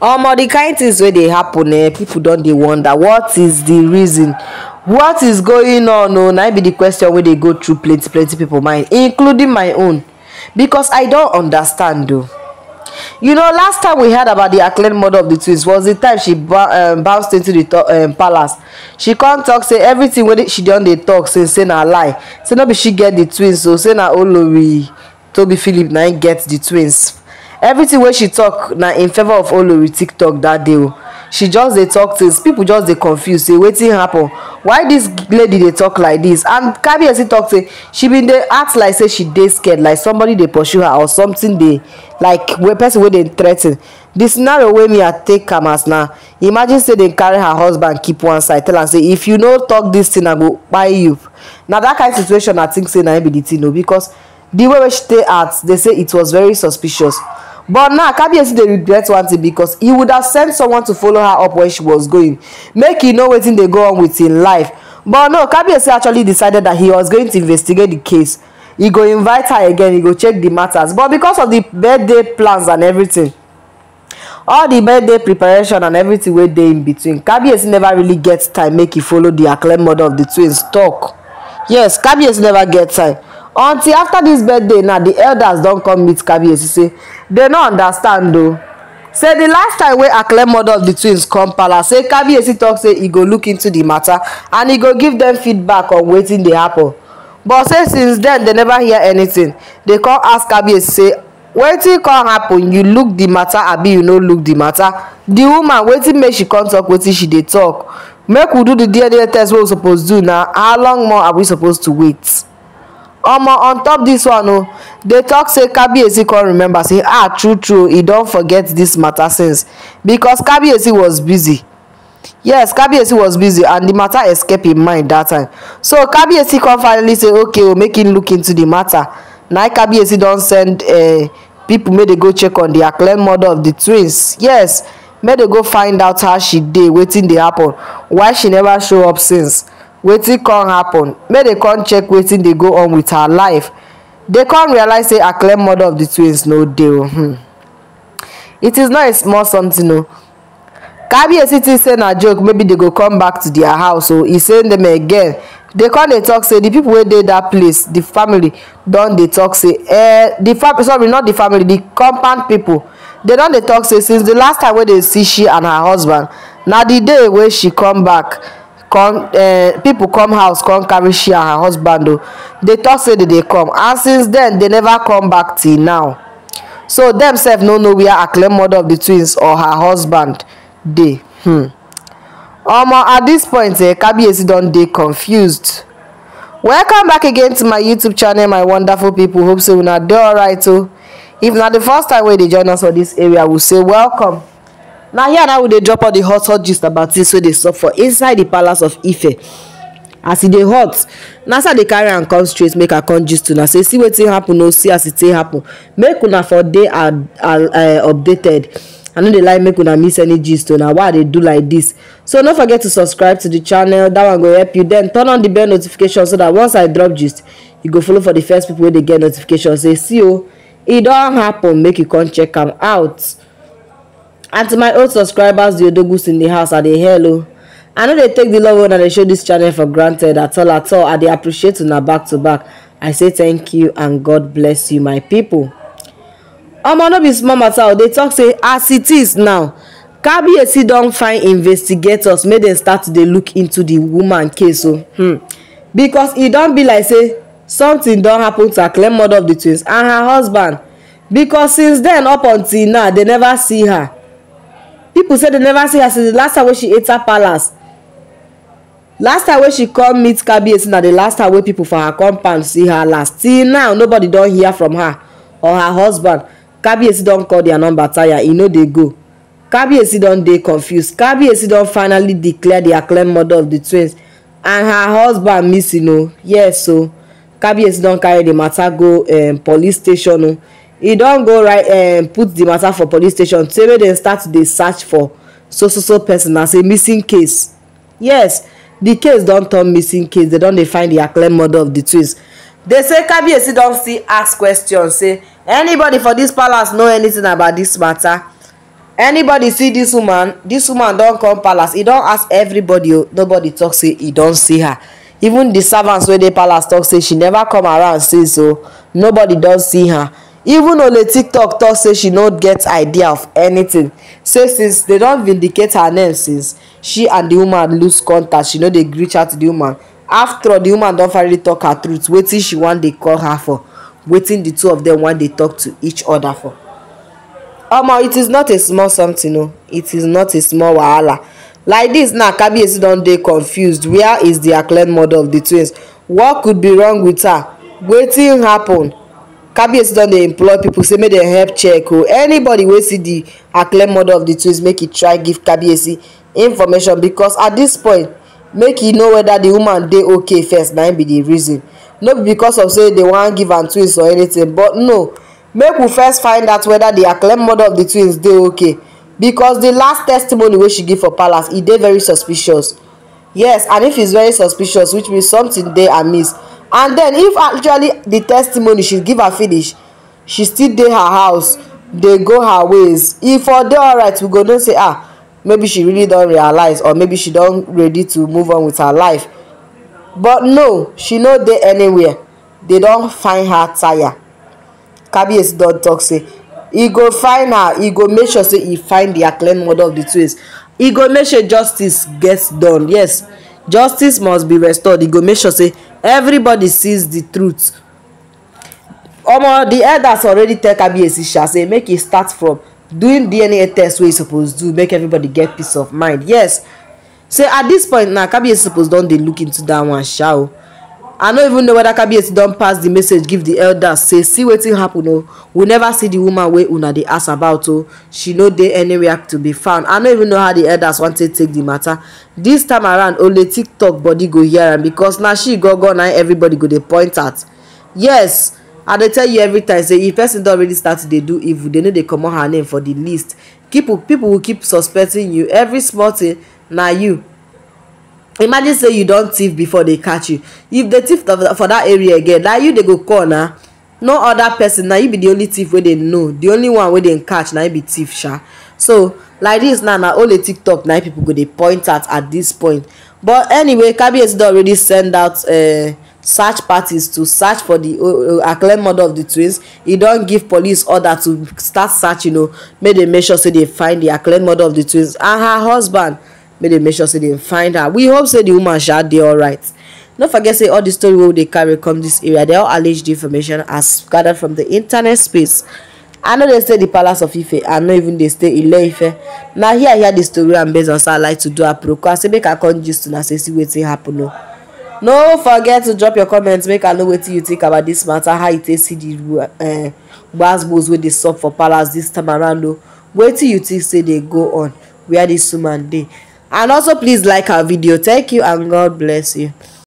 omo the kind things wey dey happen eh people don dey wonder what is the reason what is going on o oh? na be the question wey dey go through plenty plenty people mind including my own because i don understand o. Oh. You know, last time we heard about the acclaimed mother of the twins was the time she um, bounced into the um, palace. She can't talk, say everything when she done they talk, since say na lie. Say no be she get the twins, so oh. say na Olori Tobi Philip na get the twins everything wey she talk na in favour of olori tiktok dat day o she just dey talk things people just dey confuse say wetin happen why dis lady dey talk like dis and kabiyesi talk say she bin dey act like say she dey scared like somebody dey pursue her or something dey like wey person wey dey threa ten the scenario wey me i take am as na imagine say dem carry her husband keep one side tell am say if you no talk dis thing i go kpai you na that kind situation i think say na him be the thing o because the way wey she at, they say it was very suspicious but now kabiyesi they regret one thing because he would have sent someone to follow her up where she was going make he know what they go on with in life but no kabiyesi actually decided that he was going to investigate the case he go invite her again he go check the matters but because of the birthday plans and everything all the birthday preparation and everything wey dey in between kabiyesi never really gets time make he follow the acclaimed mother of the twins talk yes kabiyesi never gets time until after this birthday now the elders don come meet kabiyesi say they no understand o say the last time wey akle mother of the twins come palace say kabiyesi talk say e go look into the matter and e go give them feedback on wetin dey happen but say since then they never hear anything They come ask kabiyesi say wetin come happen you look the matter abi you no look the matter the woman wetin make she come talk wetin she dey talk make we do the dna test wey we suppose do na how long more are we supposed to wait omo on top this one oh, they talk say kabiyesi come remember say ah true true He don forget this matter since because kabiyesi was busy yes kabiyesi was busy and the matter escape im mind that time so kabiyesi come finally say okay o oh, make him look into the matter Now kabiyesi don send uh, people. May they go check on the acclaimed mother of the twins yes may they go find out how she did, waiting dey happen why she never show up since wetin come happen make dem come check wetin dey go on with her life dey come realize say akle mother of the twins no dey hmm. it is not a small something o kabiyesi think say na joke maybe dey go come back to their house o e send dem again dey come dey talk say the people wey dey that place the family don dey talk say eh the family sorry not the family the compound people dey don dey talk say since the last time wey dey see she and her husband na the day wey she come back come uh, People come house come carry she and her husband Oh, they tok say dey they come and since then they never come back till now so themselves sef no know a claim mother of the twins or her husband They, hmm. um at this point eh kabiyesi don They confused welcome back again to my youtube channel my wonderful people. hope say una dey alright too. Oh. if not the first time wey they join us for this area we say welcome Now here now we dey drop all the hot hot gist about tins wey dey suffer inside the palace of ife as e dey hot nasa dey carry am come straight make her come gist una say see wetin happen o oh, see as e take happen make una for dey updated i no dey like make una miss any gist o oh, na why i dey do like this. so no forget to subscribe to the channel that one go help you Then turn on the bell notification so that once i drop gist you go follow for the first people wey dey get notification say see o oh, e don happen make you come check am out and to my old subscribers the odogus in the house i dey hello i no dey take the love una dey show this channel for granted at all at all i dey appreciate una back to back i say thank you and god bless you my people. omo no be small matter o oh. dey tok say as it is now kabiyesi don find investigators make dem start to dey look into the woman case o oh. hmm. because e don be like say something don happen to her claim mother of the twins and her husband because since then up until now they never see her People say they never see her since the last time when she enta palace last time when she come meet kabiyesi na the last time when people for her compound see her last till now nobody don hear from her or her husband kabiyesi don call their number tire e no dey go kabiyesi don dey confused kabiyesi don finally declare the acclaimed mother of the twins and her husband missing o yes o kabiyesi don carry the matter go um, police station o e don go right um, put the matter for police station say make dem start to dey search for so so so person as a missing case yes the case don turn missing case They don dey find the acclaimed murder of the twins They say kabiyesi don still ask question say anybody for this palace know anything about this matter anybody see this woman This woman don come palace e don ask everybody o nobody talk say e don see her even the servants wey dey palace talk say she never come around since o nobody don see her even ole tiktok tok say she no get idea of anything. say since they don vindicate her name since she and the woman lose contact she no dey reach out to the woman all the woman don finally talk her truth wetin she wan dey call her for wetin the two of them wan dey talk to each other for omo it is not a small something o oh. it is not a small wahala like this now kabiyesi don dey confused Where is the acclaimed mother of the twins what could be wrong with her wetin happen kabiyesi don dey employ pipo say make dem help check o oh. anybody wey see di acclaimed mother of di twins make e try give kabiyesi information because at dis point make e know whether di woman dey okay first na im be di reason no be because of say dey wan give am twins or anything but no make we first find out whether di acclaimed mother of di twins dey okay because di last testimony wey she give for palace e dey very suspicious yes and if e very suspicious which means something dey amiss and then, if actually the testimony she give her finish she still dey her house dey go her ways e for dey alright we go know say ah maybe she really don realize or maybe she don ready to move on with her life but no she no dey anywhere They don find her tire kabiyesi don talk say e go find her e go make sure say e find the acclaimed mother of the twins e go make sure justice get done yes justice must be restored e go make sure say everybody sees the truth omo the elders already tell kabiyesi sha say make e start from doing dna test wey e suppose do make everybody get peace of mind yes say at this point na kabiyesi suppose don dey look into that one sha o i no even know whether kabiyesi don pass the message give the elders say see wetin happen o oh. we never see the woman wey una dey ask about o oh. she no dey anywhere to be found i no even know how the elders wan take take the matter this time around only tiktok body go hear am because na she gangan na everybody go dey point at yes i dey tell you every time say if person don already start to dey do evil they no dey comot her name for the list people people will keep suspecting you every small thing na you imagine say you don thief before they catch you if the thief for that area again na you dey go call na no other person na you be the only thief wey dem know the only one wey dem catch na you be thief sha so like this now na only tiktok na people go dey point at at this point but anyway kabiyesi don already send out uh search parties to search for di oh, oh, acclaimed mother of the twins e don give police order to start search you know make dem make sure say dey find the acclaimed mother of the twins and her husband make dem make sure say dem find her we hope say the woman shall sha all right. no forget say all the story wey they carry come this area They all alleged information as gathered from the internet space i know they say the palace of ife i know even they stay in ife Now here i hear the story and based on say i like to do a i say make i come to una say see wetin happen No, no forget to drop your comments. make i know what you think about this matter how you take see di eh, eh, gbasgbos wey dey sup for palace this time around what do you think say they go on where dis woman dey and also please like our video thank you and god bless you